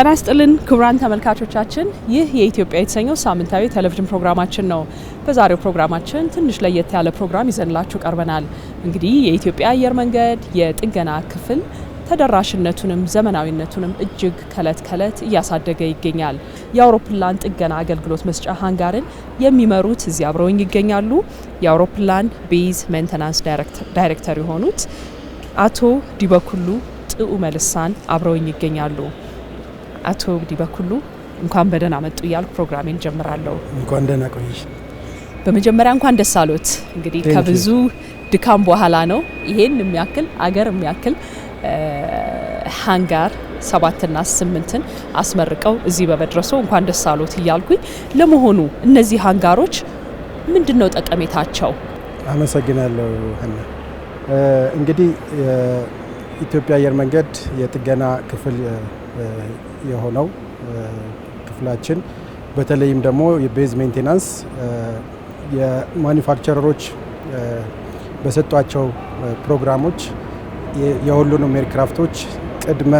ጤና ይስጥልን ክቡራን ተመልካቾቻችን፣ ይህ የኢትዮጵያ የተሰኘው ሳምንታዊ ቴሌቪዥን ፕሮግራማችን ነው። በዛሬው ፕሮግራማችን ትንሽ ለየት ያለ ፕሮግራም ይዘንላችሁ ቀርበናል። እንግዲህ የኢትዮጵያ አየር መንገድ የጥገና ክፍል ተደራሽነቱንም ዘመናዊነቱንም እጅግ ከለት ከለት እያሳደገ ይገኛል። የአውሮፕላን ጥገና አገልግሎት መስጫ ሀንጋርን የሚመሩት እዚህ አብረውኝ ይገኛሉ። የአውሮፕላን ቤዝ ሜንተናንስ ዳይሬክተር የሆኑት አቶ ዲበኩሉ ጥዑ መልሳን አብረውኝ ይገኛሉ። አቶ ዲ በኩሉ እንኳን በደህና መጡ እያልኩ ፕሮግራሜን ጀምራለሁ። እንኳን ደህና ቆይሽ። በመጀመሪያ እንኳን ደስ አሎት። እንግዲህ ከብዙ ድካም በኋላ ነው ይሄን የሚያክል አገር የሚያክል ሃንጋር ሰባትና ስምንትን አስመርቀው እዚህ በመድረሱ እንኳን ደስ አሎት እያልኩኝ፣ ለመሆኑ እነዚህ ሃንጋሮች ምንድን ነው ጠቀሜታቸው? አመሰግናለሁ ሀና። እንግዲህ የኢትዮጵያ አየር መንገድ የጥገና ክፍል የሆነው ክፍላችን በተለይም ደግሞ የቤዝ ሜንቴናንስ የማኒፋክቸረሮች በሰጧቸው ፕሮግራሞች የሁሉንም ኤርክራፍቶች ቅድመ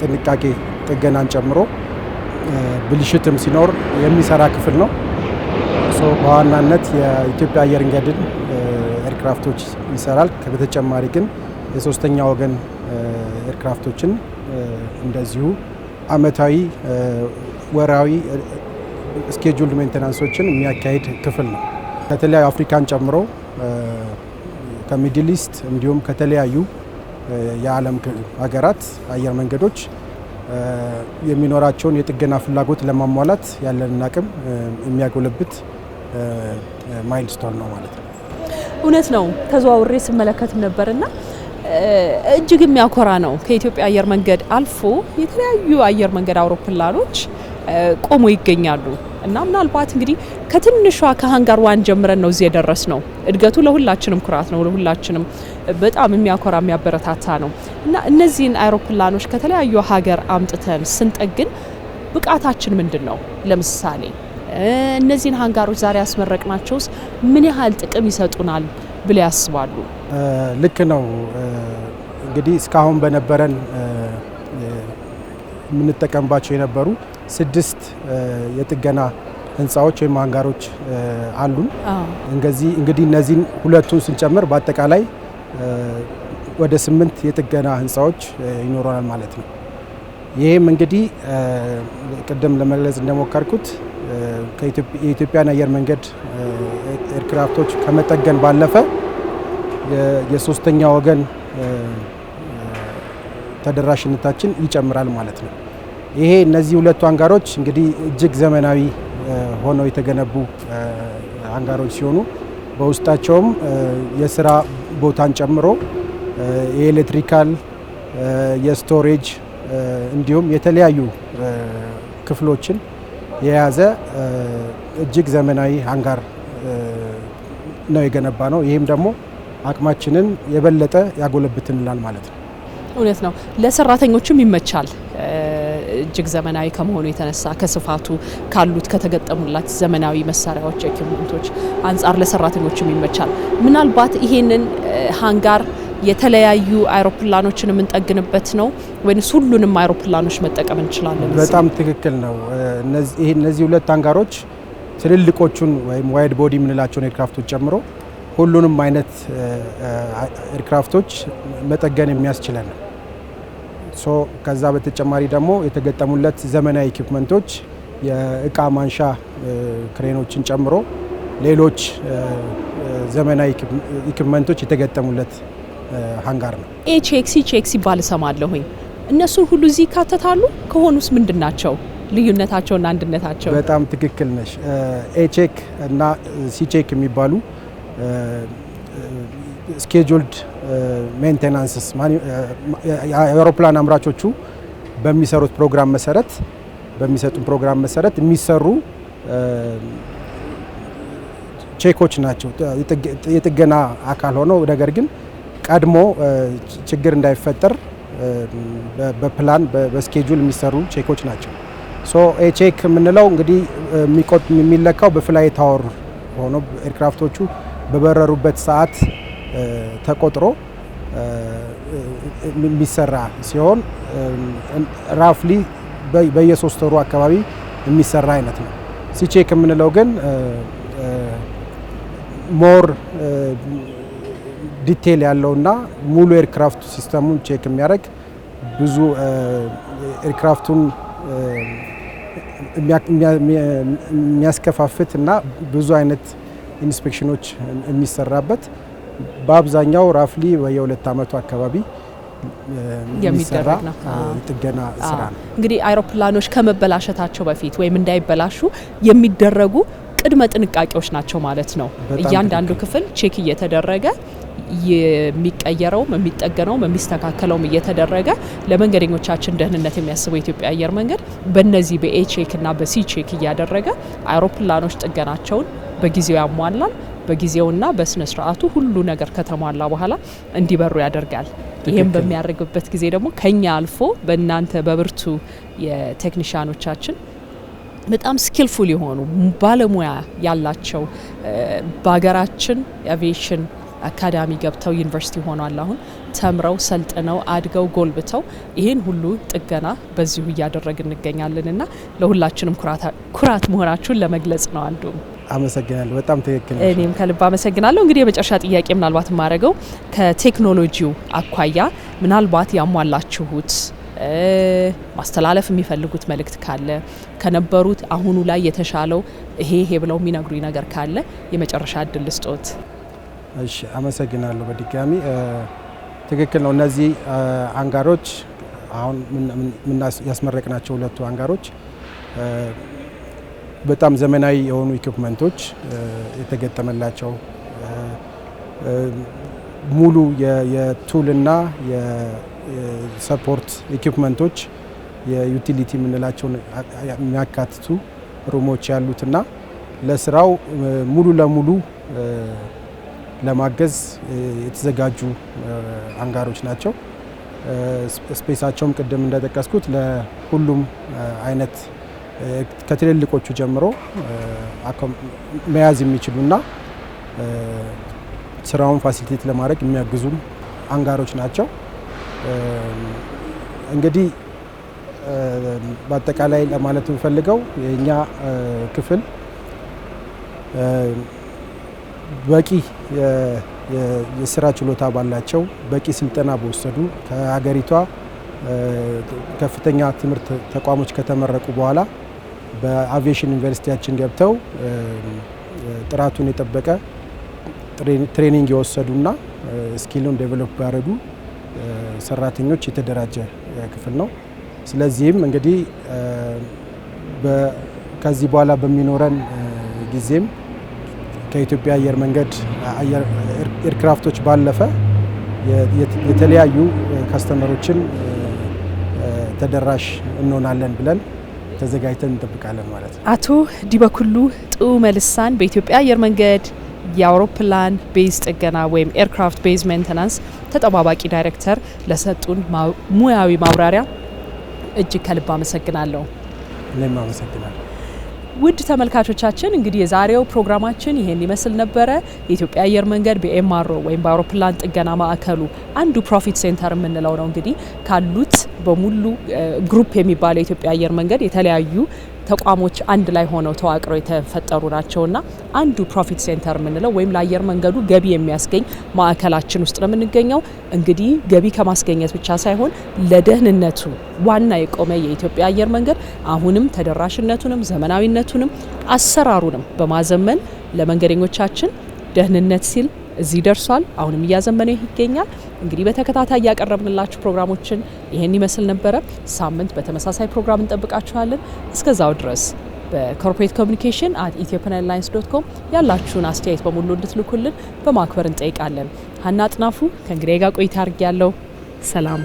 ጥንቃቄ ጥገናን ጨምሮ ብልሽትም ሲኖር የሚሰራ ክፍል ነው። በዋናነት የኢትዮጵያ አየር መንገድን ኤርክራፍቶች ይሰራል። በተጨማሪ ግን የሶስተኛ ወገን ኤርክራፍቶችን እንደዚሁ አመታዊ፣ ወራዊ ስኬጁልድ ሜንቴናንሶችን የሚያካሄድ ክፍል ነው። ከተለያዩ አፍሪካን ጨምሮ ከሚድል ኢስት እንዲሁም ከተለያዩ የዓለም ሀገራት አየር መንገዶች የሚኖራቸውን የጥገና ፍላጎት ለማሟላት ያለንን አቅም የሚያጎለብት ማይልስቶን ነው ማለት ነው። እውነት ነው። ተዘዋውሬ ስመለከትም ነበርና እጅግ የሚያኮራ ነው። ከኢትዮጵያ አየር መንገድ አልፎ የተለያዩ አየር መንገድ አውሮፕላኖች ቆሞ ይገኛሉ እና ምናልባት እንግዲህ ከትንሿ ከሃንጋር ዋን ጀምረን ነው እዚህ የደረስ ነው። እድገቱ ለሁላችንም ኩራት ነው፣ ለሁላችንም በጣም የሚያኮራ የሚያበረታታ ነው እና እነዚህን አውሮፕላኖች ከተለያዩ ሀገር አምጥተን ስንጠግን ብቃታችን ምንድን ነው? ለምሳሌ እነዚህን ሀንጋሮች ዛሬ ያስመረቅናቸውስ ምን ያህል ጥቅም ይሰጡናል ብለ ያስባሉ? ልክ ነው። እንግዲህ እስካሁን በነበረን የምንጠቀምባቸው የነበሩ ስድስት የጥገና ህንፃዎች ወይም አንጋሮች አሉን። እንግዲህ እንግዲህ እነዚህን ሁለቱን ስንጨምር በአጠቃላይ ወደ ስምንት የጥገና ህንፃዎች ይኖረናል ማለት ነው። ይህም እንግዲህ ቅድም ለመግለጽ እንደሞከርኩት የኢትዮጵያን አየር መንገድ ኤርክራፍቶች ከመጠገን ባለፈ የሶስተኛ ወገን ተደራሽነታችን ይጨምራል ማለት ነው። ይሄ እነዚህ ሁለቱ አንጋሮች እንግዲህ እጅግ ዘመናዊ ሆነው የተገነቡ አንጋሮች ሲሆኑ በውስጣቸውም የስራ ቦታን ጨምሮ የኤሌክትሪካል፣ የስቶሬጅ እንዲሁም የተለያዩ ክፍሎችን የያዘ እጅግ ዘመናዊ አንጋር ነው የገነባ ነው። ይህም ደግሞ አቅማችንን የበለጠ ያጎለብትንላል ማለት ነው። እውነት ነው። ለሰራተኞችም ይመቻል። እጅግ ዘመናዊ ከመሆኑ የተነሳ ከስፋቱ ካሉት ከተገጠሙላት ዘመናዊ መሳሪያዎች፣ ኤኪፕመንቶች አንጻር ለሰራተኞችም ይመቻል። ምናልባት ይሄንን ሃንጋር የተለያዩ አይሮፕላኖችን የምንጠግንበት ነው ወይስ ሁሉንም አይሮፕላኖች መጠቀም እንችላለን? በጣም ትክክል ነው። እነዚህ ሁለት አንጋሮች ትልልቆቹን ወይም ዋይድ ቦዲ የምንላቸውን ኤርክራፍቶች ጨምሮ ሁሉንም አይነት ኤርክራፍቶች መጠገን የሚያስችለን ሶ ከዛ በተጨማሪ ደግሞ የተገጠሙለት ዘመናዊ ኢኩፕመንቶች የእቃ ማንሻ ክሬኖችን ጨምሮ ሌሎች ዘመናዊ ኢኩፕመንቶች የተገጠሙለት ሀንጋር ነው። ኤቼክሲ ቼክሲ ይባል እሰማለሁኝ። እነሱን ሁሉ እዚህ ይካተታሉ? ከሆኑስ ምንድን ናቸው ልዩነታቸውና አንድነታቸው? በጣም ትክክል ነሽ። ኤቼክ እና ሲቼክ የሚባሉ ስኬጁልድ ሜንቴናንስስ የአውሮፕላን አምራቾቹ በሚሰሩት ፕሮግራም መሰረት በሚሰጡን ፕሮግራም መሰረት የሚሰሩ ቼኮች ናቸው። የጥገና አካል ሆነው ነገር ግን ቀድሞ ችግር እንዳይፈጠር በፕላን በስኬጁል የሚሰሩ ቼኮች ናቸው። ሶ ቼክ የምንለው እንግዲህ የሚለካው በፍላይ ታወር ሆኖ ኤርክራፍቶቹ በበረሩበት ሰዓት ተቆጥሮ የሚሰራ ሲሆን ራፍሊ በየሶስት ወሩ አካባቢ የሚሰራ አይነት ነው። ሲቼክ የምንለው ግን ሞር ዲቴል ያለውና ሙሉ ኤርክራፍት ሲስተሙን ቼክ የሚያደርግ ብዙ ኤርክራፍቱን የሚያስከፋፍት እና ብዙ አይነት ኢንስፔክሽኖች የሚሰራበት በአብዛኛው ራፍሊ በየሁለት ዓመቱ አካባቢ የሚሰራ ጥገና ስራ ነው። እንግዲህ አይሮፕላኖች ከመበላሸታቸው በፊት ወይም እንዳይበላሹ የሚደረጉ ቅድመ ጥንቃቄዎች ናቸው ማለት ነው። እያንዳንዱ ክፍል ቼክ እየተደረገ የሚቀየረውም የሚጠገነውም የሚስተካከለውም እየተደረገ ለመንገደኞቻችን ደህንነት የሚያስበው የኢትዮጵያ አየር መንገድ በእነዚህ በኤ ቼክ እና በሲ ቼክ እያደረገ አይሮፕላኖች ጥገናቸውን በጊዜው ያሟላል። በጊዜውና በስነ ስርዓቱ ሁሉ ነገር ከተሟላ በኋላ እንዲበሩ ያደርጋል። ይህም በሚያደርግበት ጊዜ ደግሞ ከኛ አልፎ በእናንተ በብርቱ የቴክኒሻኖቻችን በጣም ስኪልፉል የሆኑ ባለሙያ ያላቸው በሀገራችን አቪዬሽን አካዳሚ ገብተው ዩኒቨርሲቲ ሆኗል። አሁን ተምረው ሰልጥነው አድገው ጎልብተው ይህን ሁሉ ጥገና በዚሁ እያደረግ እንገኛለን እና ለሁላችንም ኩራት መሆናችሁን ለመግለጽ ነው አንዱ። አመሰግናለሁ። በጣም ትክክል። እኔም ከልብ አመሰግናለሁ። እንግዲህ የመጨረሻ ጥያቄ ምናልባት የማደርገው ከቴክኖሎጂው አኳያ ምናልባት ያሟላችሁት ማስተላለፍ የሚፈልጉት መልእክት ካለ ከነበሩት አሁኑ ላይ የተሻለው ይሄ ይሄ ብለው የሚነግሩኝ ነገር ካለ የመጨረሻ እድል ስጦት። እሺ አመሰግናለሁ። በድጋሚ ትክክል ነው። እነዚህ አንጋሮች አሁን ያስመረቅናቸው ሁለቱ አንጋሮች በጣም ዘመናዊ የሆኑ ኢኩፕመንቶች የተገጠመላቸው ሙሉ የቱልና የሰፖርት ኢኩፕመንቶች የዩቲሊቲ የምንላቸውን የሚያካትቱ ሩሞች ያሉትና ለስራው ሙሉ ለሙሉ ለማገዝ የተዘጋጁ አንጋሮች ናቸው። ስፔሳቸውም ቅድም እንደጠቀስኩት ለሁሉም አይነት ከትልልቆቹ ጀምሮ መያዝ የሚችሉና ስራውን ፋሲሊቴት ለማድረግ የሚያግዙ አንጋሮች ናቸው። እንግዲህ በአጠቃላይ ለማለት የምፈልገው የእኛ ክፍል በቂ የስራ ችሎታ ባላቸው በቂ ስልጠና በወሰዱ ከሀገሪቷ ከፍተኛ ትምህርት ተቋሞች ከተመረቁ በኋላ በአቪዬሽን ዩኒቨርሲቲያችን ገብተው ጥራቱን የጠበቀ ትሬኒንግ የወሰዱና ስኪልን ዴቨሎፕ ያደረጉ ሰራተኞች የተደራጀ ክፍል ነው። ስለዚህም እንግዲህ ከዚህ በኋላ በሚኖረን ጊዜም ከኢትዮጵያ አየር መንገድ ኤርክራፍቶች ባለፈ የተለያዩ ከስተመሮችን ተደራሽ እንሆናለን ብለን ተዘጋጅተን እንጠብቃለን ማለት ነው። አቶ ዲበኩሉ ጥዑ መልሳን በኢትዮጵያ አየር መንገድ የአውሮፕላን ቤዝ ጥገና ወይም ኤርክራፍት ቤዝ ሜንተናንስ ተጠባባቂ ዳይሬክተር ለሰጡን ሙያዊ ማብራሪያ እጅግ ከልብ አመሰግናለሁ። እኔም አመሰግናለሁ። ውድ ተመልካቾቻችን እንግዲህ የዛሬው ፕሮግራማችን ይሄን ይመስል ነበረ። የኢትዮጵያ አየር መንገድ በኤምአርኦ ወይም በአውሮፕላን ጥገና ማዕከሉ አንዱ ፕሮፊት ሴንተር የምንለው ነው እንግዲህ ካሉት በሙሉ ግሩፕ የሚባለው የኢትዮጵያ አየር መንገድ የተለያዩ ተቋሞች አንድ ላይ ሆነው ተዋቅረው የተፈጠሩ ናቸውና አንዱ ፕሮፊት ሴንተር የምንለው ወይም ለአየር መንገዱ ገቢ የሚያስገኝ ማዕከላችን ውስጥ ነው የምንገኘው። እንግዲህ ገቢ ከማስገኘት ብቻ ሳይሆን ለደህንነቱ ዋና የቆመ የኢትዮጵያ አየር መንገድ አሁንም ተደራሽነቱንም ዘመናዊነቱንም አሰራሩንም በማዘመን ለመንገደኞቻችን ደህንነት ሲል እዚህ ደርሷል። አሁንም እያዘመነ ይገኛል። እንግዲህ በተከታታይ እያቀረብንላችሁ ፕሮግራሞችን ይህን ይመስል ነበረ። ሳምንት በተመሳሳይ ፕሮግራም እንጠብቃችኋለን። እስከዛው ድረስ በኮርፖሬት ኮሚኒኬሽን አት ኢትዮጵያን ኤርላይንስ ዶት ኮም ያላችሁን አስተያየት በሙሉ እንድትልኩልን በማክበር እንጠይቃለን። ሀና አጥናፉ ከእንግዲህ ጋር ቆይታ ያለው ሰላም